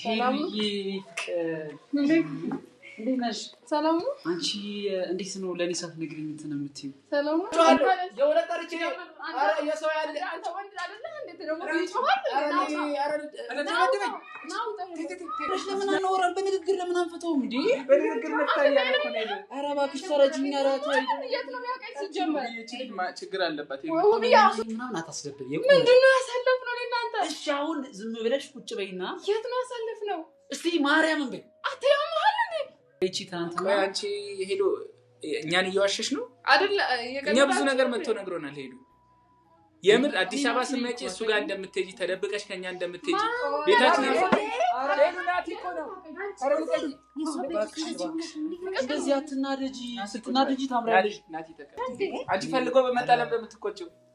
ሰላም ነው። አንቺ እንዴት ነው? ለእኔ ሳትነግሪኝ እንትን ነው የምትይው? ሰላም ነው። ለምን አናወራም? በንግግር ለምን አንፈተውም? ኧረ እባክሽ ተረጅኝ። ኧረ ችግር አለባት ምናምን አታስደብር። ምንድን ነው ያሳለፍነው? እሺ፣ አሁን ዝም ብለሽ ቁጭ በይና የት ነው አሳለፍ ነው እስቲ ማርያምን በይ። አትያምሃል እንዴ ይቺ ትናንት አንቺ ሄሎ እኛን እየዋሸሽ ነው አደለ? እኛ ብዙ ነገር መጥቶ ነግሮናል። ሄዱ የምር አዲስ አበባ ስመጪ እሱ ጋር እንደምትሄጂ ተደብቀሽ ከኛ እንደምትሄጂ ቤታችን እንደዚህ አትናደጂ። ስትናደጂ ታምሪያለሽ። አንቺ ፈልጎ በመጣለም በምትቆጭው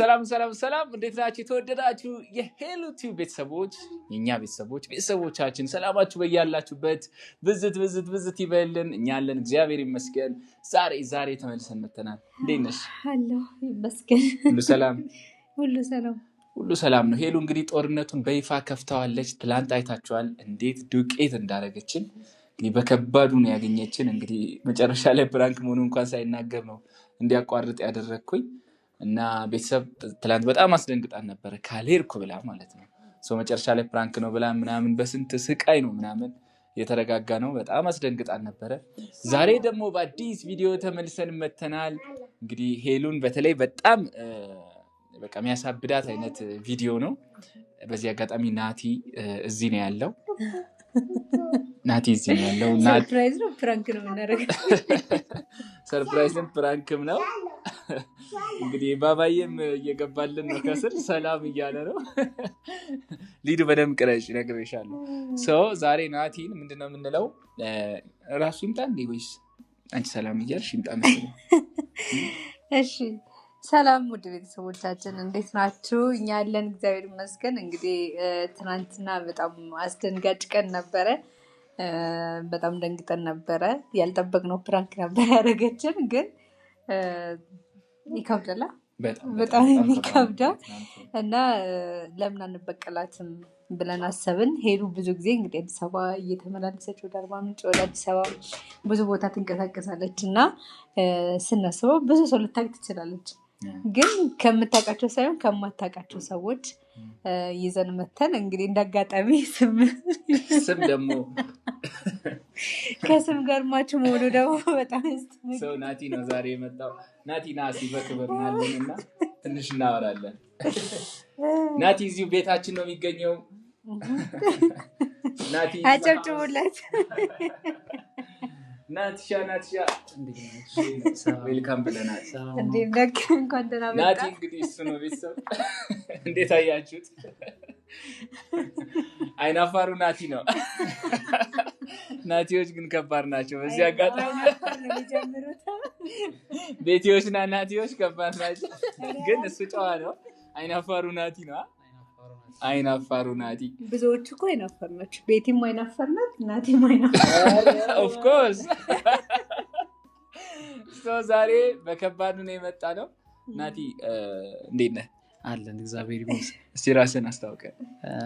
ሰላም ሰላም ሰላም፣ እንዴት ናችሁ? የተወደዳችሁ የሄሉ ቲዩብ ቤተሰቦች፣ የእኛ ቤተሰቦች፣ ቤተሰቦቻችን ሰላማችሁ በያላችሁበት ብዝት ብዝት ብዝት ይበልን። እኛ አለን እግዚአብሔር ይመስገን። ዛሬ ዛሬ ተመልሰን መተናል። እንዴት ነሽ? ይመስገን። ሁሉ ሰላም ሁሉ ሰላም ሁሉ ሰላም ነው። ሄሉ እንግዲህ ጦርነቱን በይፋ ከፍተዋለች። ትላንት አይታችኋል እንዴት ዱቄት እንዳደረገችን በከባዱ ነው ያገኘችን። እንግዲህ መጨረሻ ላይ ፕራንክ መሆኑ እንኳን ሳይናገር ነው እንዲያቋርጥ ያደረግኩኝ እና ቤተሰብ ትላንት በጣም አስደንግጣን ነበረ ካልሄድኩ ብላ ማለት ነው። መጨረሻ ላይ ፕራንክ ነው ብላ ምናምን በስንት ስቃይ ነው ምናምን የተረጋጋ ነው። በጣም አስደንግጣን ነበረ። ዛሬ ደግሞ በአዲስ ቪዲዮ ተመልሰን መተናል። እንግዲህ ሄሉን በተለይ በጣም በቃ የሚያሳብዳት አይነት ቪዲዮ ነው። በዚህ አጋጣሚ ናቲ እዚህ ነው ያለው ናቲ እዚህ ያለው። ሰርፕራይዝ ነው ፕራንክ ነው የምናደርገው? ሰርፕራይዝም ፕራንክም ነው እንግዲህ። ባባዬም እየገባልን ነው ከስር ሰላም እያለ ነው። ሊዱ በደም ቅረጭ ነግሬሻለ ሰው ዛሬ ናቲን ምንድን የምንለው? ራሱ ይምጣ እንዴ ወይስ አንቺ ሰላም እያልሽ ይምጣ መሰለኝ። እሺ ሰላም ውድ ቤተሰቦቻችን እንዴት ናችሁ? እኛ ያለን እግዚአብሔር ይመስገን። እንግዲህ ትናንትና በጣም አስደንጋጭ ቀን ነበረ። በጣም ደንግጠን ነበረ። ያልጠበቅነው ፕራንክ ነበር ያደረገችን፣ ግን ይከብደላ በጣም የሚከብደው እና ለምን አንበቀላትም ብለን አሰብን። ሄዱ ብዙ ጊዜ እንግዲህ አዲስ አበባ እየተመላለሰች ወደ አርባ ምንጭ ወደ አዲስ አበባ ብዙ ቦታ ትንቀሳቀሳለች እና ስናስበው ብዙ ሰው ልታግ ትችላለች። ግን ከምታውቃቸው ሳይሆን ከማታውቃቸው ሰዎች ይዘን መተን እንግዲህ እንዳጋጣሚ ስም ደግሞ ከስም ጋር ማች መሆኑ ደግሞ በጣም ሰው ናቲ ነው ዛሬ የመጣው። ናቲ ና እስኪ በክብር ናለን እና ትንሽ እናወራለን። ናቲ እዚሁ ቤታችን ነው የሚገኘው። ናቲ አጨብጭቡለት። ናቲሻ ናትሻ ዌልካም ብለናል። ናቲ እንግዲህ እሱ ነው ቤተሰብ። እንዴት አያችሁት? አይናፋሩ ናቲ ነው። ናቲዎች ግን ከባድ ናቸው። በዚህ አጋጣሚ ና ናቲዎች ከባድ ናቸው። ግን እሱ ጨዋ ነው። አይናፋሩ ናቲ ነው። አይናፋሩ ናቲ ብዙዎች እኮ አይናፋር ናቸው። ቤቲም አይናፈር ናት፣ እናቴም አይናፋር ኦፍኮርስ። ዛሬ በከባድ ነው የመጣ ነው። ናቲ እንዴት ነ አለን እግዚአብሔር ይመስገን። እስቲ ራስን አስታውቀ።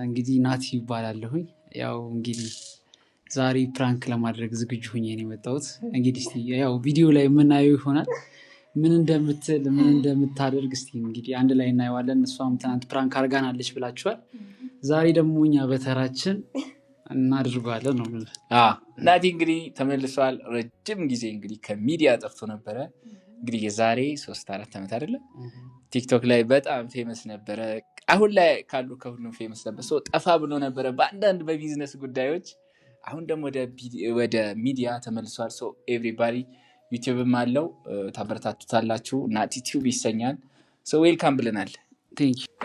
እንግዲህ ናቲ ይባላለሁኝ። ያው እንግዲህ ዛሬ ፕራንክ ለማድረግ ዝግጁ ሁኝ ነው የመጣሁት። እንግዲህ ያው ቪዲዮ ላይ የምናየው ይሆናል ምን እንደምትል ምን እንደምታደርግ ስ እንግዲህ አንድ ላይ እናየዋለን። እሷም ትናንት ፕራንክ አርጋናለች ብላችኋል። ዛሬ ደግሞ እኛ በተራችን እናድርጓለን ነው እናቲ እንግዲህ ተመልሷል። ረጅም ጊዜ እንግዲህ ከሚዲያ ጠፍቶ ነበረ። እንግዲህ የዛሬ ሶስት አራት ዓመት አደለም። ቲክቶክ ላይ በጣም ፌመስ ነበረ። አሁን ላይ ካሉ ከሁሉም ፌመስ ነበር። ሰው ጠፋ ብሎ ነበረ በአንዳንድ በቢዝነስ ጉዳዮች። አሁን ደግሞ ወደ ሚዲያ ተመልሷል። ሰው ኤቭሪባዲ ዩቲዩብም አለው ታበረታቱታላችሁ። ቲቲዩብ ይሰኛል። ሰው ዌልካም ብለናል።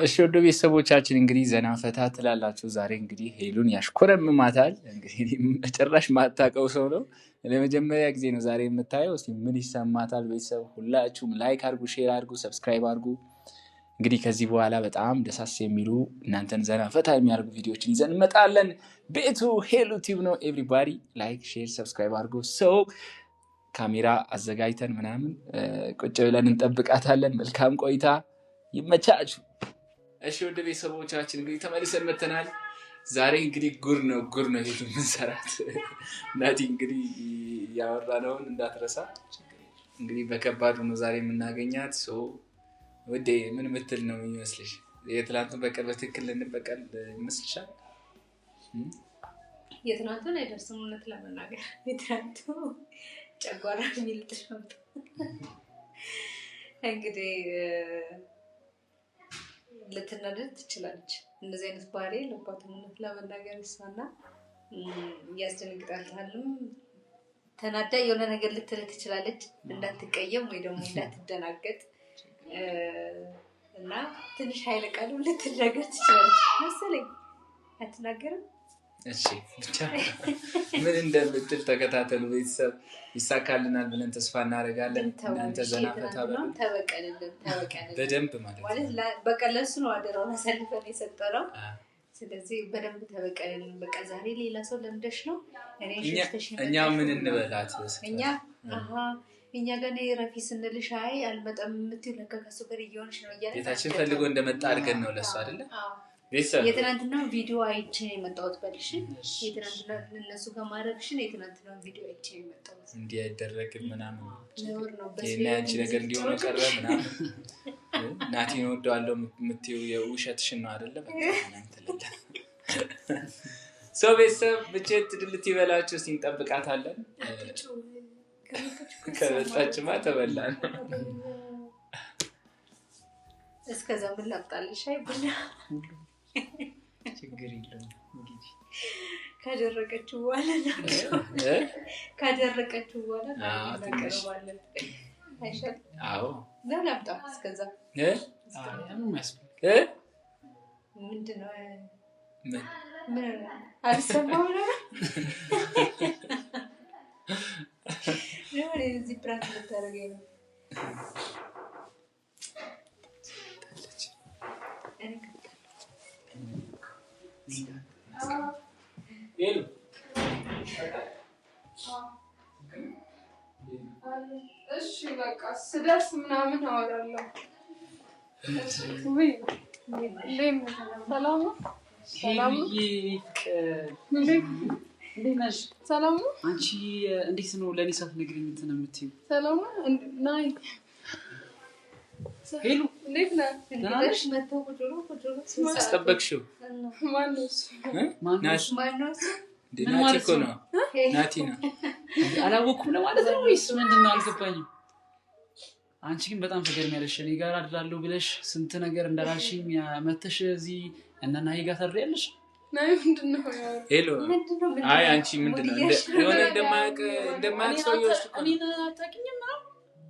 እሺ ወደ ቤተሰቦቻችን እንግዲህ ዘና ፈታ ትላላችሁ። ዛሬ እንግዲህ ሄሉን ያሽኮረምማታል። እንግዲህ ጭራሽ ማታቀው ሰው ነው፣ ለመጀመሪያ ጊዜ ነው ዛሬ የምታየው። እስኪ ምን ይሰማታል? ቤተሰብ ሁላችሁም ላይክ አድርጉ፣ ሼር አድርጉ፣ ሰብስክራይብ አድርጉ። እንግዲህ ከዚህ በኋላ በጣም ደሳስ የሚሉ እናንተን ዘና ፈታ የሚያደርጉ ቪዲዮችን ይዘን እንመጣለን። ቤቱ ሄሉ ቲዩብ ነው። ኤቭሪባዲ ላይክ፣ ሼር፣ ሰብስክራይብ አድርጉ ሰው ካሜራ አዘጋጅተን ምናምን ቁጭ ብለን እንጠብቃታለን። መልካም ቆይታ ይመቻችሁ። እሺ ወደ ቤተሰቦቻችን እንግዲህ ተመልሰን መተናል። ዛሬ እንግዲህ ጉር ነው ጉር ነው ሄዱ ምንሰራት እናቲ እንግዲህ ያወራነውን እንዳትረሳ። እንግዲህ በከባድ ነው ዛሬ የምናገኛት። ውዴ ምን ምትል ነው የሚመስልሽ? የትናንቱን በቀል በትክክል ልንበቀል ይመስልሻል? የትናንቱን አይደርስም እውነት ለመናገር የትናንቱ ጨጓራ የሚልጥሽ መምጣ እንግዲህ ልትናደድ ትችላለች። እንደዚህ አይነት ባህሪ የለባትም ለመናገር እሷና ያስደነግጣልም። ተናዳ የሆነ ነገር ልትል ትችላለች። እንዳትቀየም ወይ ደግሞ እንዳትደናገጥ እና ትንሽ ኃይለ ቃሉ ልትል ነገር ትችላለች መሰለኝ። አትናገርም እሺ ብቻ ምን እንደምትል ተከታተሉ ቤተሰብ። ይሳካልናል ብለን ተስፋ እናደርጋለን። እናንተ ዘና ፈታ በደንብ ማለት ነው አደራውን አሳልፈን የሰጠነው። ስለዚህ በደንብ ተበቀልን። በቃ ዛሬ ሌላ ሰው ለምደሽ ነው እኛ ምን እንበላት እኛ እኛ ጋር ረፊ ስንልሽ አይ አልመጣም የምትለከከሱ ጋር እየሆንሽ ነው እያለ ቤታችን ፈልጎ እንደመጣ አድርገን ነው ለሱ አደለም Uh, የትናንትናውን ቪዲዮ አይቼ የመጣሁት በልሽን የትናንትና እነሱ ከማድረግሽን የትናንትናውን ቪዲዮ አይቼ የመጣሁት እንዲህ አይደረግም ምናምን ያንቺ ነገር እንዲሆነ ቀረ ምናምን ወደዋለው የውሸትሽን ነው ሰው ቤተሰብ ብቼት ድልት ከመጣችማ ተበላ ነው። እስከዛ ምን ላምጣልሽ? አይ ቡና ችግር የለም እንግዲህ ካደረቀችው በኋላ ካደረቀችው በኋላ ላምጣ። እስከዛ ምንድን ነው አልሰማሁም ነው እዚህ ነው እሺ በቃ ስደርስ ምናምን አወራለሁ። ሰላም ነው። አንቺ እንዴት ነው? ለእኔ ሳትነግሪኝ እንትን የምትይው ሰላም ነው። ሄሉ እንዴት አስጠበቅሽው? እኮ ነው። ናቲ ነው። አላወኩም ለማለት ነው ወይስ ምንድን ነው? አልገባኝም። አንቺ ግን በጣም ያለሽ እኔ ጋር አድራለሁ ብለሽ ስንት ነገር እንዳላልሽኝ መተሽ እዚህ እነ ናሂ ጋር ታድሪያለሽ። አይ አንቺ ምንድን ነው እንደማያውቅ ሰው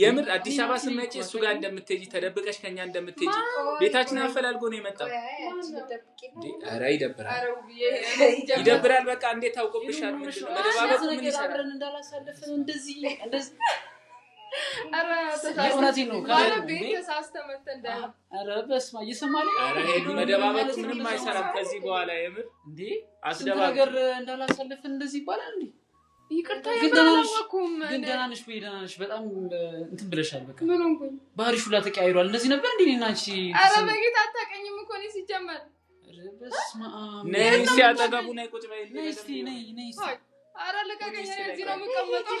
የምር አዲስ አበባ ስመጪ እሱ ጋር እንደምትሄጂ ተደብቀሽ ከኛ እንደምትሄጂ ቤታችን አፈላልጎ ነው የመጣው። ኧረ ይደብራል፣ ይደብራል። በቃ እንዴት ታውቆብሻል? መደባበቁ ምን ይሰራል? መደባበቁ ምንም አይሰራም ከዚህ በኋላ የምር አስደባ ነገር እንዳላሳልፍን እንደዚህ ይባላል። ይቅርታ ያበላወኩም ግን ደህና ነሽ ወይ? ደህና ነሽ? በጣም እንትን ብለሻል። በቃ ባህሪሽ ሁላ ተቀያይሯል። እንደዚህ ነበር እንዴ? እኔና አንቺ ኧረ በጌታ አታውቀኝም እኮ እኔ ሲጀመር። ነይ አጠገቡ ነይ ቁጭ በይ። ነይ እስኪ ነይ ነይ እስኪ ኧረ ልቀቀኝ። እዚህ ነው የምቀመጠው። ነው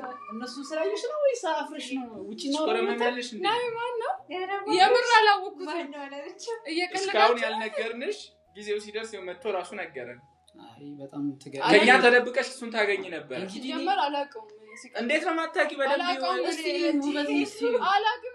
ነው? ነው ነው? ጊዜው ሲደርስ መጥቶ እራሱ ነገረን። ከእኛ ተደብቀሽ እሱን ታገኝ ነበር። እንዴት ነው ማታቂ በደብ አላውቅም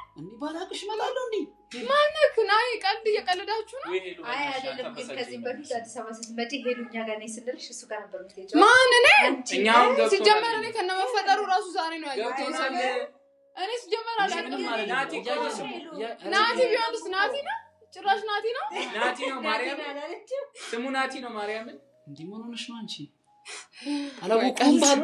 እንዴ ባላቅሽ እመጣለሁ። እንዴ ማነክ ናይ ቀልድ እየቀልዳችሁ ነው? አይ አይደለም። ግን ከዚህ በፊት አዲስ አበባ ስትመጪ ሄዱ እኛ ጋር ነኝ ስንልሽ እሱ ጋር ነበር የምትሄጂው። ማን እኔ? ሲጀመር እኔ ከነመፈጠሩ ራሱ ዛሬ ነው ያየሁት። እኔ ሲጀመር አላውቅም። ናቲ ቢሆንስ ናቲ ነው? ጭራሽ ናቲ ነው። ናቲ ነው ማርያም፣ ስሙ ናቲ ነው ማርያምን። እንዲህ ምን ሆነሽ ነው አንቺ? አላወቅሁም ባሉ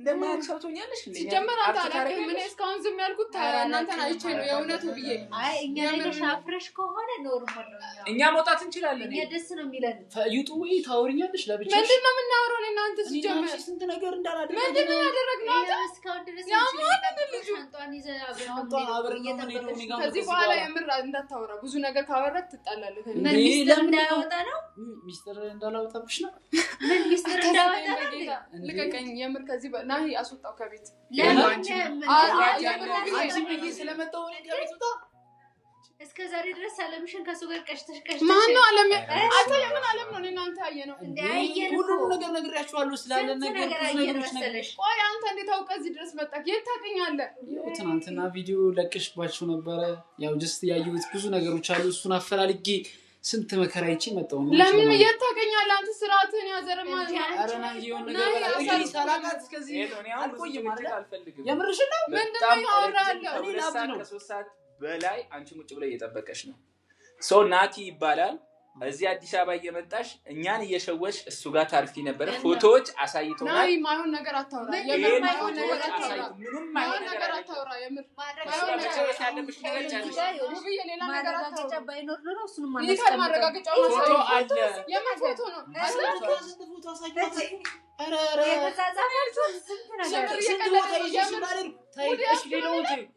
እንደማያቅሰውቶኛለሽ ሲጀመር አንተ አላውቅም። እኔ እስካሁን ዝም ያልኩት እናንተን አይቼ ነው የእውነቱ ብዬ። እኛ አፍረሽ ከሆነ ኖርማል እኛ መውጣት እንችላለን። እኛ ደስ ነው የሚለን። ይጡ ይሄ ታወሪኛለሽ ለብቻ ምንድን ነው የምናወራው? እኔ እናንተ ሲጀመር ስንት ነገር ከዚህ በኋላ የምር እንዳታወራ። ብዙ ነገር ካወራት ትጣላለህ። ሚስጥር ሚስጥር እንዳላወጣብሽ ነው። ምን ሚስጥር እንዳወጣ ልቀቀኝ የምር ከዚህ እና አስወጣው ከቤት እስከ ዛሬ ድረስ አለምሽን ከሱ ጋር ቀሽተሽ ቀሽተሽ አለም ለምን አለም ነው እናንተ አየ ነው ሁሉም ነገር ነግሬያችኋለሁ ስላለ ነገር አንተ እንዴት እዚህ ድረስ መጣህ? የት ታገኛለህ? ትናንትና ቪዲዮ ለቅሽባችሁ ነበረ። ያው ጀስት ያየሁት ብዙ ነገሮች አሉ። እሱን አፈላልጌ ስንት መከራ ይቺ መጣው። ለምን እየታገኛል? አንተ ስርዓትህን ያዘርማ አረና ይሁን ነገር ነው። እኔ ላብ ነው። ከሶስት ሰዓት በላይ አንቺ ሙጭ ብለ እየጠበቀሽ ነው። ሶ ናቲ ይባላል። እዚህ አዲስ አበባ እየመጣሽ እኛን እየሸወች እሱ ጋር ታርፊ ነበረ። ፎቶዎች አሳይቶናል። ማይሆን ነገር አታውራ፣ ማረጋገጫ ነው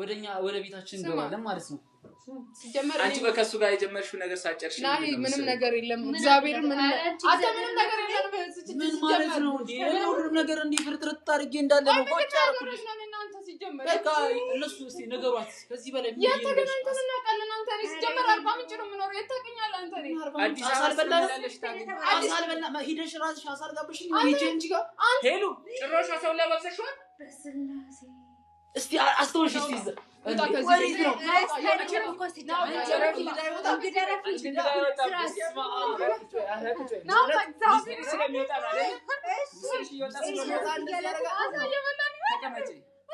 ወደኛ ወደ ቤታችን እንገባለን ማለት ነው። ሲጀመር አንቺ በከሱ ጋር የጀመርሽው ነገር ሳጨርሽ ናሂ ምንም ነገር የለም። እግዚአብሔር ምን አንተ ምንም ነገር የለም። ምን ማለት ነው እንዴ? ሁሉም ነገር እንዲህ ፍርጥርጥ አድርጌ እንዳለ ነው። ቆጭ እነሱ ነገሯት። ከዚህ በላይ የት ተገናኝተን እናውቃለን? አንተ ሲጀመር አርባ ምንጭ ነው የምኖረው። የት ታገኛለህ? አንተ ነህ አዲስ አበባ አልበላ ሂደሽ እራስሽ አሳልጋብሽ ሄሉ ጭራሽ አሳውን ላይ ባብሰሽዋል። በስላሴ እስቲ አስተውልሽ እስቲ ወዴት ነው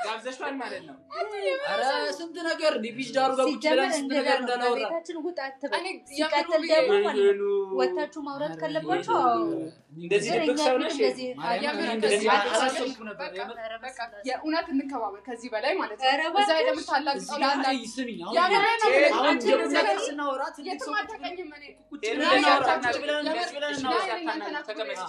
ጋብዘሽዋል ማለት ነው። ኧረ ስንት ነገር ዲፒሽ ዳሩ ወታችሁ ማውራት ካለባችሁ እንደዚህ ከዚህ በላይ ማለት ነው።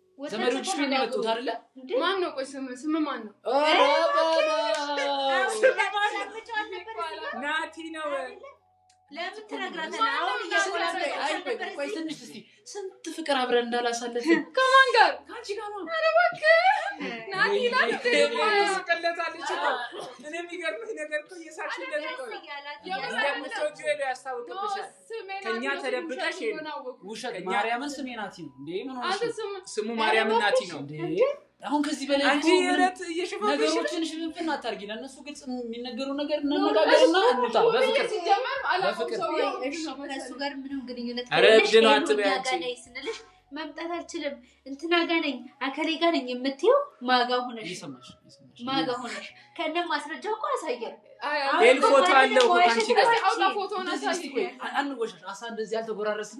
ዘመዶች ምን ያመጡት አይደለ? ማን ነው? ቆይ ስም ስም ማን ነው? ናቲ ነው። ለምን ትነግራታለህ? ቆይ ትንሽ እስኪ ስንት ፍቅር አብረን እንዳላሳለፍን ከማን ጋር? ከአንቺ ጋር ነው። ኧረ እባክህ ቀለታለች። እኔ የሚገርምህ ነገር እኮ እየሳቅሽለት ያስታውቅብሻል። ከእኛ ተደብቀሽ ውሸት። ማርያምን ስሜ ናቲ ነው። እንደ ስሙ ማርያምን ናቲ ነው። አሁን ከዚህ በላይ አንቺ የረት ነገሮችን ሽፍንፍን አታርጊ። ለእነሱ ግልጽ የሚነገሩ ነገር እንነጋገርና እንውጣ በፍቅር በፍቅር ከእሱ ጋር ምንም ግንኙነት ስንልሽ መምጣት አልችልም እንትና ጋ ነኝ አከሌ ጋ ነኝ የምትይው ማጋ ሆነሽ ማጋ ሆነሽ ከእነ ማስረጃው እኮ አሳየን። ፎቶ አለው ከአንቺ ጋር ፎቶ አሳ እንደዚህ አልተጎራረስም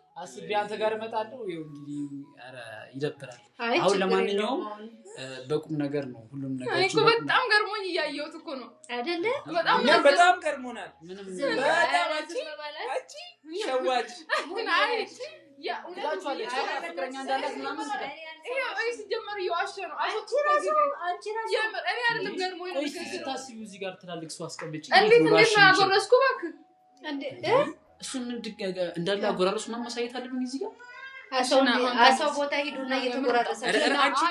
አስቤ አንተ ጋር እመጣለሁ። ይኸው እንግዲህ ኧረ ይደብራል። አሁን ለማንኛውም በቁም ነገር ነው ሁሉም ነገር። እኮ በጣም ገርሞኝ እያየሁት እኮ ነው አይደለ? በጣም በጣም ገርሞናል። ምንም በጣም አንቺ አንቺ ሸዋጭ ፍቅረኛ እንዳላት ምናምን ሲጀመር ነው። እኔ አይደለም ገርሞኝ ነው። ጋር ትላልቅ ሰው አስቀምጪ። እንዴት እንዴት ነው ያጎረስኩ እባክህ እሱን እንድገገ እንዳለ አጎራረሱ ምናምን ማሳየት አለብን። እዚህ ጋር ሰው ቦታ ሄዱና እየተቆራረሰአንቺ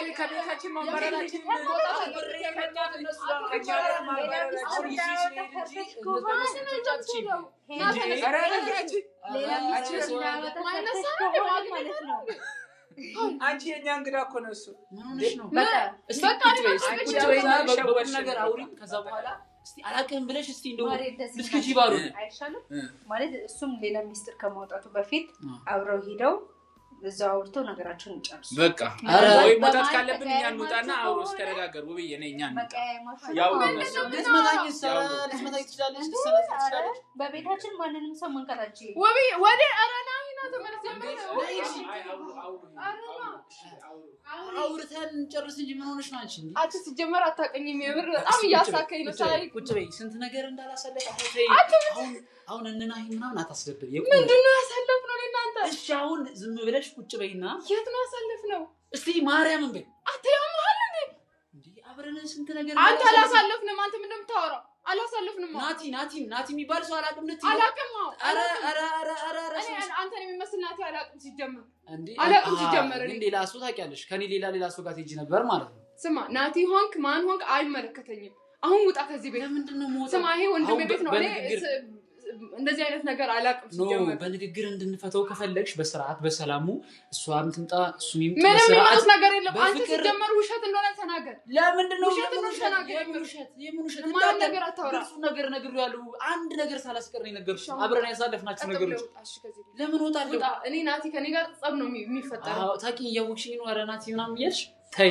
የኛ እንግዳ እኮ ነው እሱ። ነገር አውሪ ከዛ በኋላ እስቲ አላውቅህም ብለሽ እስቲ እንደው ልትክጂ ባሉ አይሻልም? ማለት እሱም ሌላ ሚስጥር ከማውጣቱ በፊት አብረው ሂደው እዛው አውርተው ነገራቸውን ይጨርሱ። በቃ ወይ መውጣት ካለብን እኛ እንውጣና አውሮ እስከረጋገር ውብዬ ነኝ እኛ እንውጣ። ያው ልትመታኝ ትችላለች፣ በቤታችን ማንንም ሰው መንከራች ውብዬ ወደ አረና አውርተን ጨርስ እንጂ ምን ሆነሽ ነው አንቺ? አንቺ ሲጀመር አታውቅኝም። የምር በጣም እያሳካኝ ነው። ሳይ ቁጭ በይ። ስንት ነገር እንዳላሳለፍ አሁን አሁን እንናሂ ምናምን አታስደብር። ምንድን ነው ያሳለፍ ነው እሺ አሁን ዝም ብለሽ ቁጭ በይና የት ነው ያሳለፍ እስቲ ማርያምን በይ። አትያምሃል እንዴ? አብረን ስንት ነገር አንተ አላሳለፍንም። አንተ ምን እንደምታወራው አላሳለፍንም። ናቲ ናቲ ናቲ የሚባል ሰው አላውቅም። ነት አላውቅም። አንተን የሚመስል ናቲ አላውቅም። ሲጀመር አላውቅም። ሲጀመር ግን ሌላ ሰው ታውቂያለሽ። ከኔ ሌላ ሌላ ሰው ጋር ትሄጂ ነበር ማለት ነው። ስማ ናቲ ሆንክ ማን ሆንክ አይመለከተኝም። አሁን ውጣ ከዚህ ቤት። ለምንድን ነው ስማ፣ ይሄ ወንድሜ ቤት ነው። እንደዚህ አይነት ነገር አላቅም ሲጀመር በንግግር እንድንፈተው ከፈለግሽ በስርዓት በሰላሙ እሷም ትምጣ እሱ ምንም የሚመጡት ነገር የለም። አንተ ሲጀመር ውሸት እንደሆነ ተናገር። ለምንድን ነው ውሸት ነገር አታወራ። እሱ አንድ ነገር ሳላስቀር ነገር አብረን ያሳለፍናቸው ነገሮች ለምን እወጣለሁ እኔ ናቲ ከኔ ጋር ጸብ ነው የሚፈጠረው። ታቂ እያወቅሽኝ ነው። ኧረ ናቲ ምናምን እያልሽ ተይ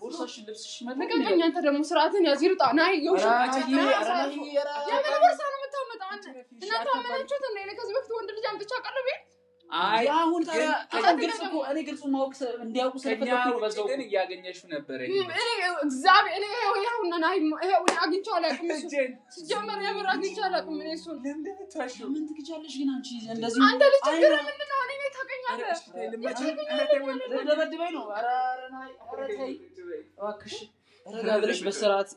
ቦርሳሽ ልብስሽ ልቀቀኝ። አንተ ደግሞ ስርዓትን ያዝ ይርጣ ና የምን ቦርሳ ነው የምታመጣው? እናንተ አመናችሁት እንደ ከዚህ በፊት ወንድ ልጅ አምጥቼ አቀርቤ አሁን ግልጽ እኮ እኔ ግልጹ ማወቅ እንዲያውቁ ስለፈለኩ ግን እያገኘሽ ነበረ። እግዚአብሔር ይኸውና ይኸውና አግኝቼው አላውቅም። ሲጀመር የምር አግኝቼው አላውቅም። እኔ እሱን ምን ትግጃለሽ ግን አንቺ እንደዚህ አንተ ልጅ ችግር ምንድን እኔ ቤት ታገኛለህ። ልደበድበኝ ነው? ኧረ ተይ እባክሽ። ብለሽ በስርዓት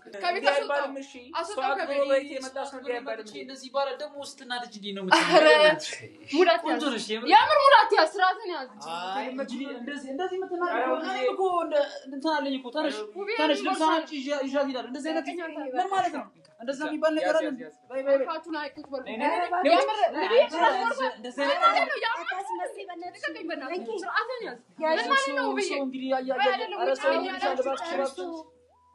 እንደዚህ ደግሞ ውስጥና ልጅ ነው። ሙላት ያ ስርዓትን ያዝ። ማለት ነው? እንደዛ የሚባል ነገር አለ።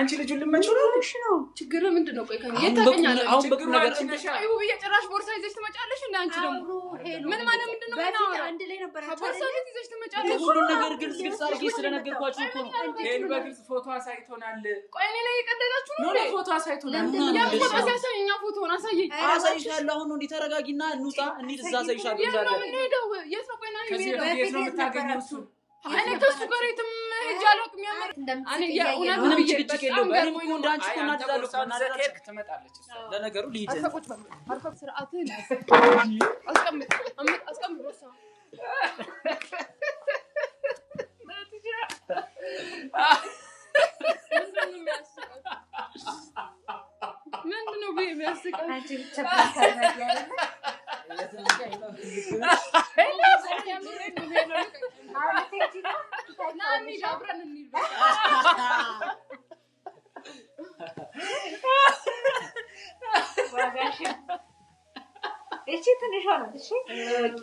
አንቺ ልጁ ልመች ነው ነው ችግር ምንድን ነው? ቆይ ከእኔ ታውቀኛለሽ። ጭራሽ ቦርሳ ይዘሽ ትመጫለሽ። እንደ አንቺ ደግሞ ምን ማለት ምንድን ነው? አንድ ላይ ነበር ቦርሳ ይዘሽ ትመጫለሽ። ሁሉን ነገር ግልጽ ግልጽ አድርጌ ስለነገርኳችሁ እኮ ነው። በግልጽ ፎቶ አሳይቶናል። ቆይ እኔ ላይ የቀደዳችሁ ነው። ፎቶ አሳይቶናል። ያ ፎቶን አሳየኝ አሳይሻለሁ። አሁን እንዲህ ተረጋጊና እንውጣ፣ እንሂድ። እዛ አሳይሻለሁ። ዛሬ የት ነው ቆይ? ና የት ነው የምታገኘው እሱን እኔ ከሱ ጋር የትም ሄጄ አላውቅም። ያምር ምንም ጭቅጭቅ የለውም። እኔም እኮ እንዳንቺ እኮ እናድላለሁ። ስትሄድ ትመጣለች። ለነገሩ ልሂድ ስርዓትህን አስቀምጥ አስቀምጥ ምንድን ነው የሚያስቀው? Ele é sempre aí, não fica. Ele é sempre aí, não fica. Não, é melhor pra não me ver. Agora deixa. Deixa eu também chorar, eu ver. Eu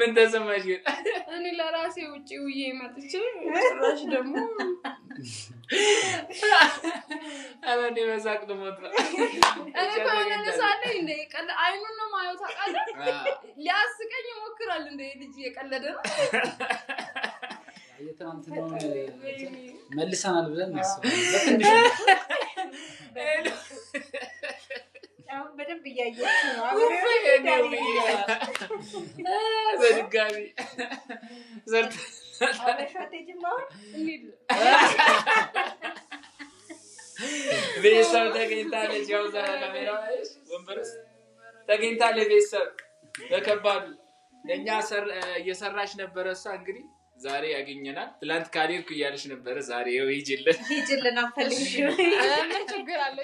ምን ተሰማሽ ግን? እኔ ለራሴ ውጭ ውዬ መጥቼ ጭራሽ ደግሞ ኧረ እኔ በሳቅ ልሞት ነው። እኔ ከሆነ ሳለኝ እንደ ቀለ አይኑን ነው ማየው ታውቃለህ። ሊያስቀኝ ይሞክራል። እንደ ልጅ የቀለደ ነው። የትናንትናውን መልሰናል ብለን እናስባለን በትንሽ በደንብ እያየች ነው። በድጋሚ ቤተሰብ ተገኝታለች። ያው ወንበርስ ተገኝታለች። ቤተሰብ በከባዱ ለእኛ እየሰራች ነበረ እሷ እንግዲህ ዛሬ ያገኘናል። ትላንት ካልሄድኩ እያለች ነበረ። ዛሬ ይኸው አፈልግ ችግር አለ?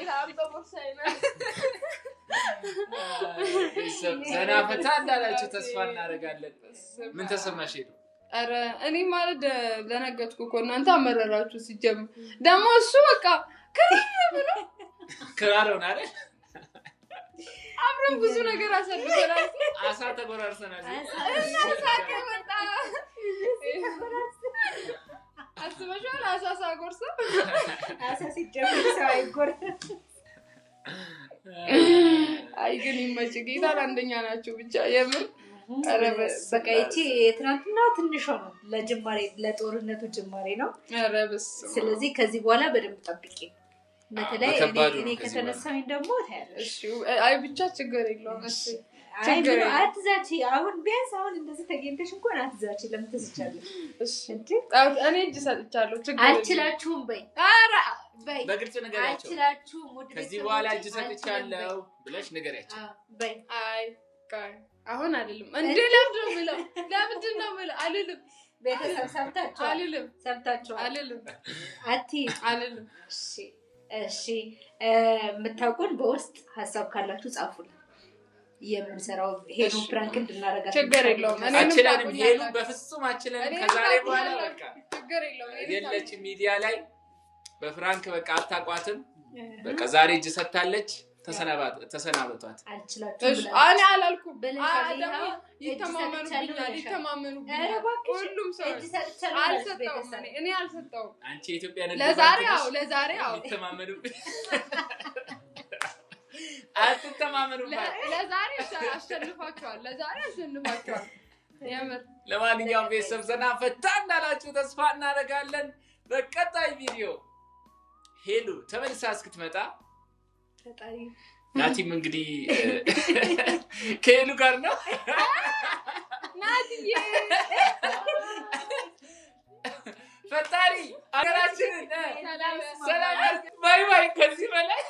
ዘና ፈታ እንዳላችሁ ተስፋ እናደርጋለን። ምን ተሰማሽ ሄዱ? ኧረ እኔ ማለት ለነገጥኩ እኮ እናንተ አመረራችሁ። ሲጀምር ደግሞ እሱ በቃ ክራር ሆነ አይደል? አብረን ብዙ ነገር አሳልፈናል። አሳ ተጎራርሰናል። አስበሽዋል? አሳ ሳጎርሰው አሳ ሲጀምር ሰው አይጎርስም አይ ግን ይመች ጌታ አንደኛ ናቸው። ብቻ የምር በቃ ይቺ የትናንትና ትንሿ ነው፣ ለጅማሬ ለጦርነቱ ጅማሬ ነው። ስለዚህ ከዚህ በኋላ በደንብ ጠብቄ በተለይ እኔ ከተነሳሁኝ ደግሞ ታያለሽ። አይ ብቻ ችግር የለውም አትዛች አሁን ቢያንስ አሁን እንደዚህ ተገኝተሽ እንኳን አትዛች። ለምን ትዝቻለሽ? እኔ እጅ ሰጥቻለሁ። አልችላችሁም በይ በግልጽ ንገሪያቸው። ከዚህ በኋላ እጅ ሰጥቻለሁ ብለሽ ንገሪያቸው። አሁን አይደለም እንዴ? ነው ለምንድን ነው አልልም። ቤተሰብ አልልም። አልልም። አልልም። እሺ፣ እሺ። የምታውቁን በውስጥ ሀሳብ ካላችሁ ጻፉልን። የምንሰራው ሄሉ ፕራንክ እንድናረጋችሁ ሄሉ፣ በፍጹም አችለንም። ከዛሬ በኋላ በቃ ሚዲያ ላይ በፍራንክ በቃ አታቋትም። በቃ ዛሬ እጅ ሰጥታለች። ተሰናበቷት። አላልኩም ይተማመኑብኛል፣ ይተማመኑብኛል እኔ አልሰጠውም። አንቺ ለዛሬ አዎ፣ ለዛሬ አሸንፏቸዋል፣ ለዛሬ ለማንኛውም ቤተሰብ ዘና ፈታ እንዳላችሁ ተስፋ እናደርጋለን። በቀጣይ ቪዲዮ ሄሉ ተመልሳ እስክትመጣ ናቲም እንግዲህ ከሄሉ ጋር ነው። ፈጣሪ አገራችንን ሰላም ባይ ባይ ከዚህ በላይ